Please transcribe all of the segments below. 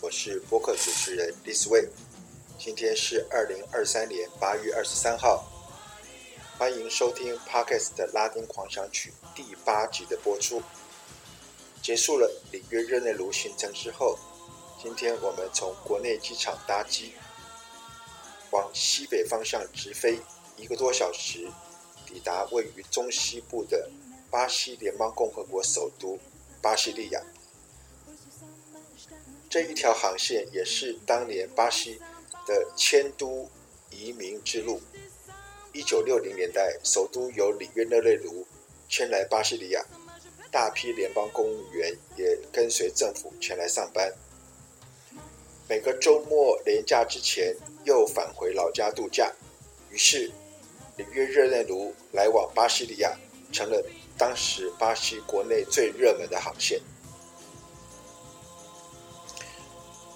我是播客主持人 Liz Way，今天是二零二三年八月二十三號，歡迎收聽 Podcast 的《拉丁狂想曲》第八集的播出。結束了里約熱內盧行程之後，今天我們從國內機場搭機，往西北方向直飛，一個多小時抵達位於中西部的巴西聯邦共和國首都巴西利亞。這一條航線也是當年巴西的遷都移民之路。一九六零年代，首都由里約熱內盧遷來巴西利亞，大批聯邦公務員也跟隨政府前來上班。每個周末連假之前，又返回老家度假。於是，里約熱內盧來往巴西利亞成了當時巴西國內最熱門的航線。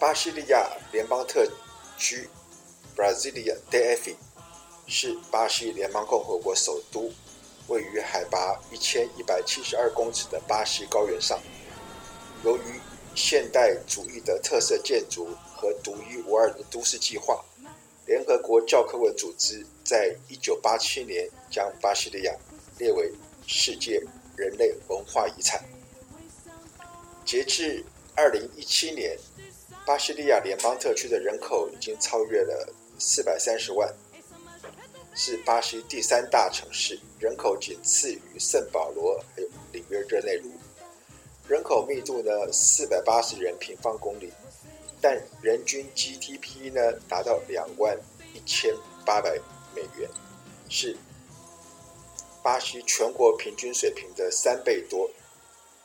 巴西利亞聯邦特區 b r a z i l i a DF） 是巴西聯邦共和國首都，位於海拔一千一百七十二公尺的巴西高原上。由於現代主義的特色建築和獨一無二的都市計劃，聯合國教科文組織在一九八七年將巴西利亞列為世界人類文化遺產。截至二零一七年，巴西利亞聯邦特區的人口已經超越了四百三十萬，是巴西第三大城市，人口僅次於聖保羅，還有里約熱內盧。人口密度呢，四百八十人平方公里，但人均 GDP 呢達到兩萬一千八百美元，是巴西全國平均水平的三倍多，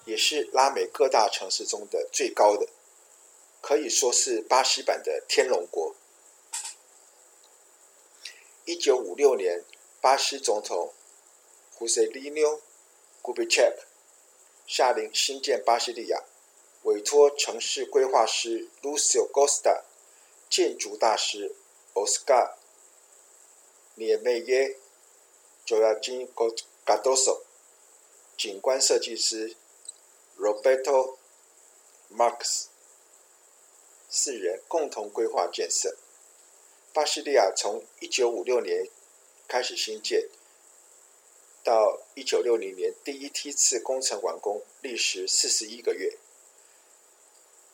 也是拉美各大城市中的最高的。可以說是巴西版的天龍國。一九五六年，巴西總統胡塞利尼奧·古貝切普下令興建巴西利亞，委托城市規劃師盧西歐·戈斯塔、建築大師奧斯卡·涅梅耶、主要建築師卡多索、oso, 景觀設計師羅貝托·馬克斯。四人共同規劃建設。巴西利亞從一九五六年開始興建，到一九六零年第一梯次工程完工，歷時四十一個月。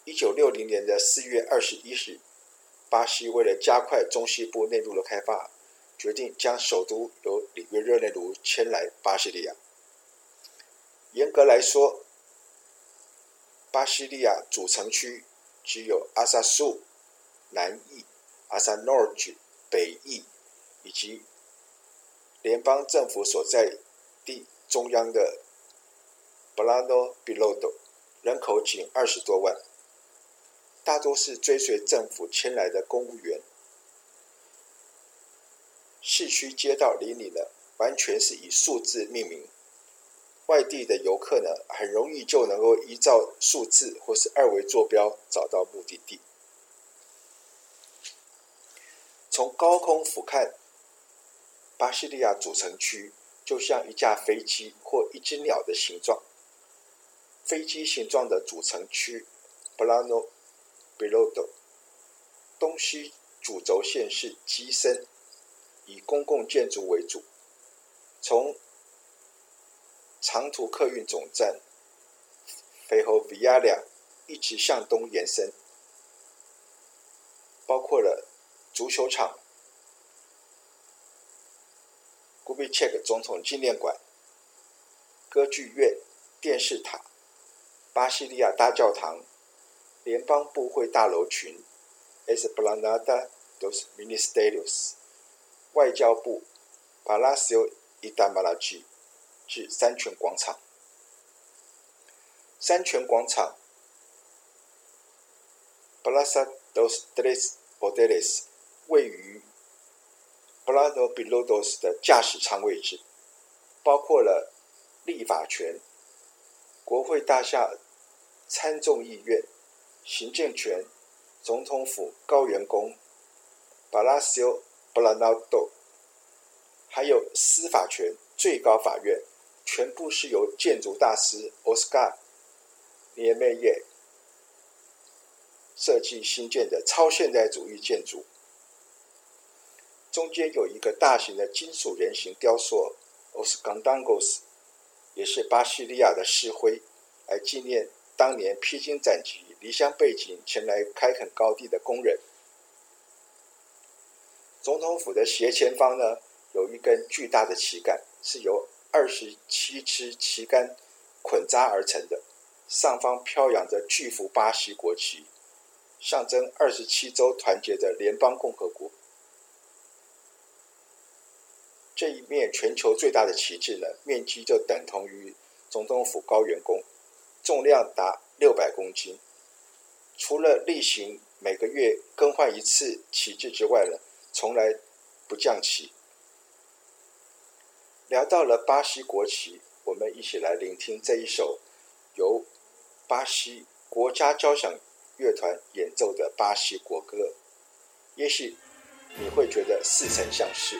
一九六零年的四月二十一日，巴西為了加快中西部內陸的開發，決定將首都由里約熱內盧遷來巴西利亞。嚴格來說，巴西利亞主城區。只有阿薩蘇南翼、阿薩諾爾北翼，以及聯邦政府所在地中央的布拉諾比洛多，人口僅二十多萬，大多是追隨政府遷來的公務員。市區街道鄰里呢，完全是以數字命名。外地的遊客呢，很容易就能夠依照數字或是二維坐標找到目的地。從高空俯瞰，巴西利亞主城區就像一架飛機或一隻鳥的形狀。飛機形狀的主城區，Plano Piloto，東西主軸線是機身，以公共建築為主。從長途客運總站，Ferroviaria，一直向東延伸，包括了足球場、Kubitschek 總統紀念館、歌劇院、電視塔、巴西利亞大教堂、聯邦部會大樓群、Esplanada dos Ministerios、外交部、Palacio Itamaraty 至三權廣場。三權廣場 Praca dos Tres Poderes 位於 Plano Piloto 的駕駛艙位置，包括了立法權、國會大廈、參眾議院、行政權、總統府高原宮 Palacio Planalto 還有司法權最高法院。全部是由建築大師奧斯卡涅梅耶設計新建的超現代主義建築。中間有一個大型的金屬人形雕塑，Os Candagos 也是巴西利亞的市徽，來紀念當年披荊斬棘、離鄉背井前來開墾高地的工人。總統府的斜前方呢，有一根巨大的旗桿，是由。二十七支旗桿捆紮而成的，上方飄揚着巨幅巴西國旗，象徵二十七州團結的聯邦共和國。這一面全球最大的旗幟呢，面積就等同於總統府高原宮，重量達六百公斤。除了例行每個月更換一次旗幟之外呢，從來不降旗。聊到了巴西國旗，我們一起來聆聽這一首由巴西國家交響樂團演奏的巴西國歌。也許你會覺得似曾相識。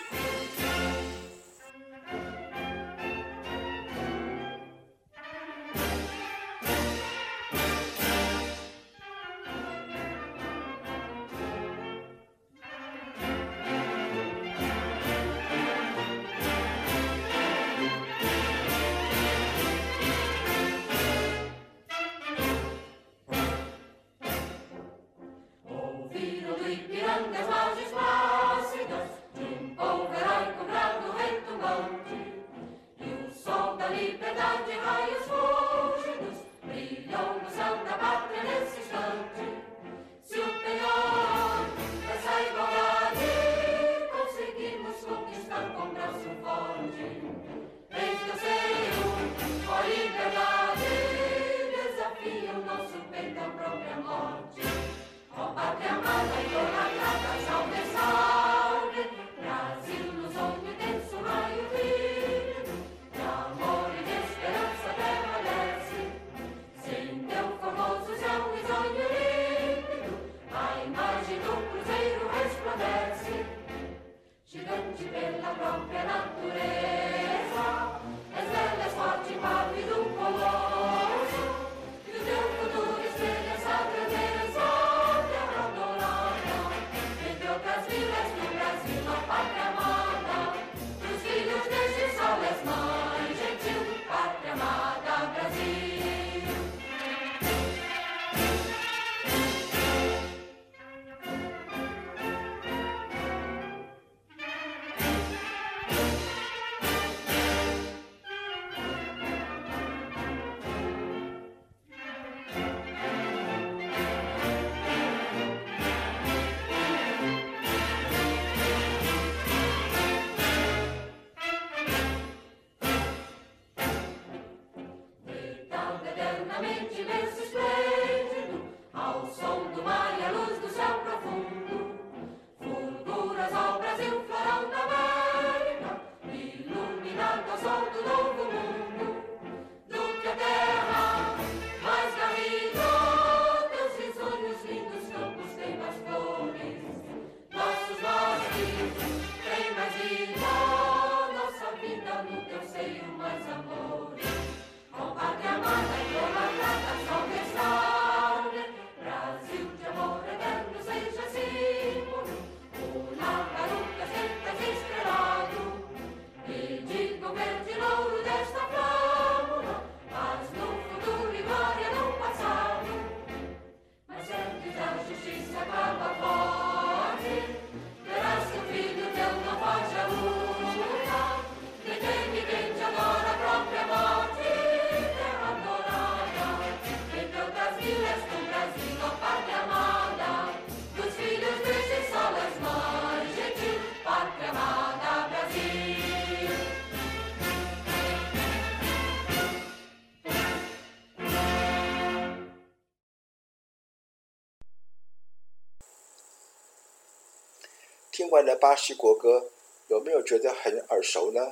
聽完了巴西國歌，有沒有覺得很耳熟呢？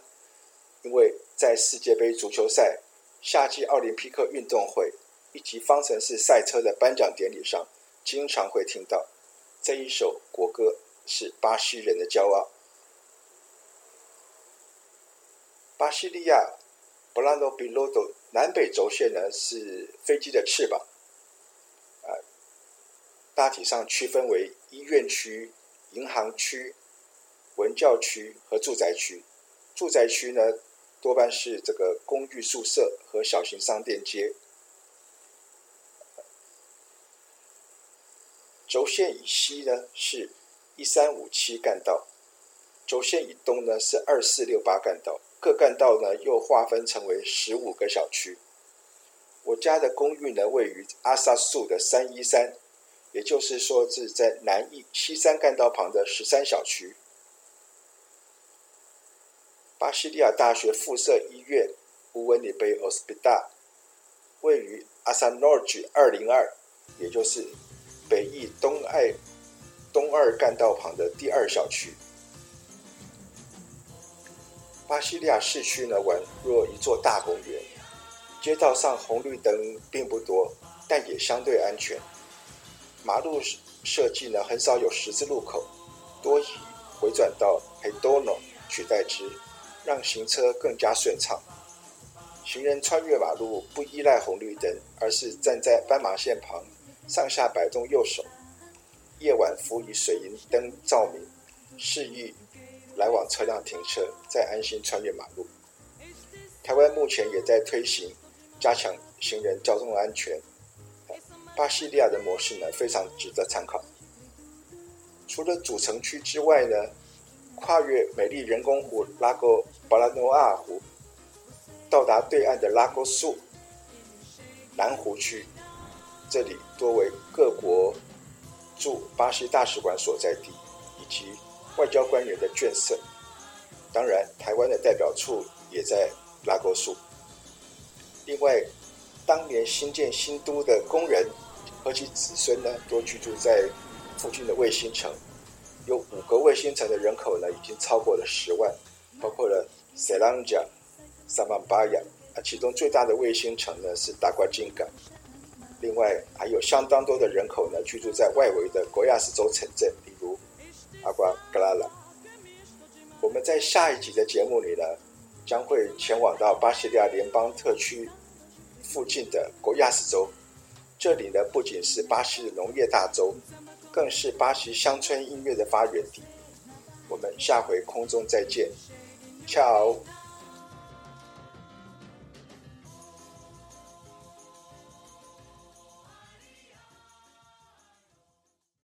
因為在世界杯足球賽、夏季奧林匹克運動會以及方程式賽車的頒獎典禮上，經常會聽到這一首國歌，是巴西人的驕傲。巴西利亞 Plano Piloto，南北軸線呢是飛機的翅膀，啊、呃，大體上區分為醫院區。銀行區、文教區和住宅區，住宅區呢多半是這個公寓宿舍和小型商店街。軸線以西呢是一三五七幹道，軸線以東呢是二四六八幹道。各幹道呢又劃分成為十五個小區。我家的公寓呢位於 Asa Sul 的三一三。也就是說，是在南翼西三幹道旁的十三小區。巴西利亞大學附設醫院 Hospital 位於 Asa Norte 202，也就是北翼東二東二幹道旁的第二小區。巴西利亞市區呢，宛若一座大公園，街道上紅綠燈並不多，但也相對安全。馬路設計呢，很少有十字路口，多以迴轉道 （retorno） 取代之，讓行車更加順暢。行人穿越馬路不依賴紅綠燈，而是站在斑馬線旁，上下擺動右手。夜晚輔以水銀燈照明，示意來往車輛停車，再安心穿越馬路。台灣目前也在推行加強行人交通安全。巴西利亞的模式呢，非常值得參考。除了主城區之外呢，跨越美麗人工湖拉戈巴拉諾阿爾湖，到達對岸的拉戈素南湖區，這裡多為各國駐巴西大使館所在地以及外交官員的眷舍，當然台灣的代表處也在拉戈素。另外。當年新建新都的工人和其子孫呢，都居住在附近的衛星城。有五個衛星城的人口呢，已經超過了十萬，包括了塞拉尼亞、薩曼巴亞，其中最大的衛星城呢是達瓜金港。另外還有相當多的人口呢，居住在外圍的戈亞斯州城鎮，比如阿瓜格拉拉。我們在下一集的節目裡呢，將會前往到巴西利亞聯邦特區。附近的戈亞斯州，這裡呢，不僅是巴西的農業大州，更是巴西鄉村音樂的發源地。我們下回空中再見，拜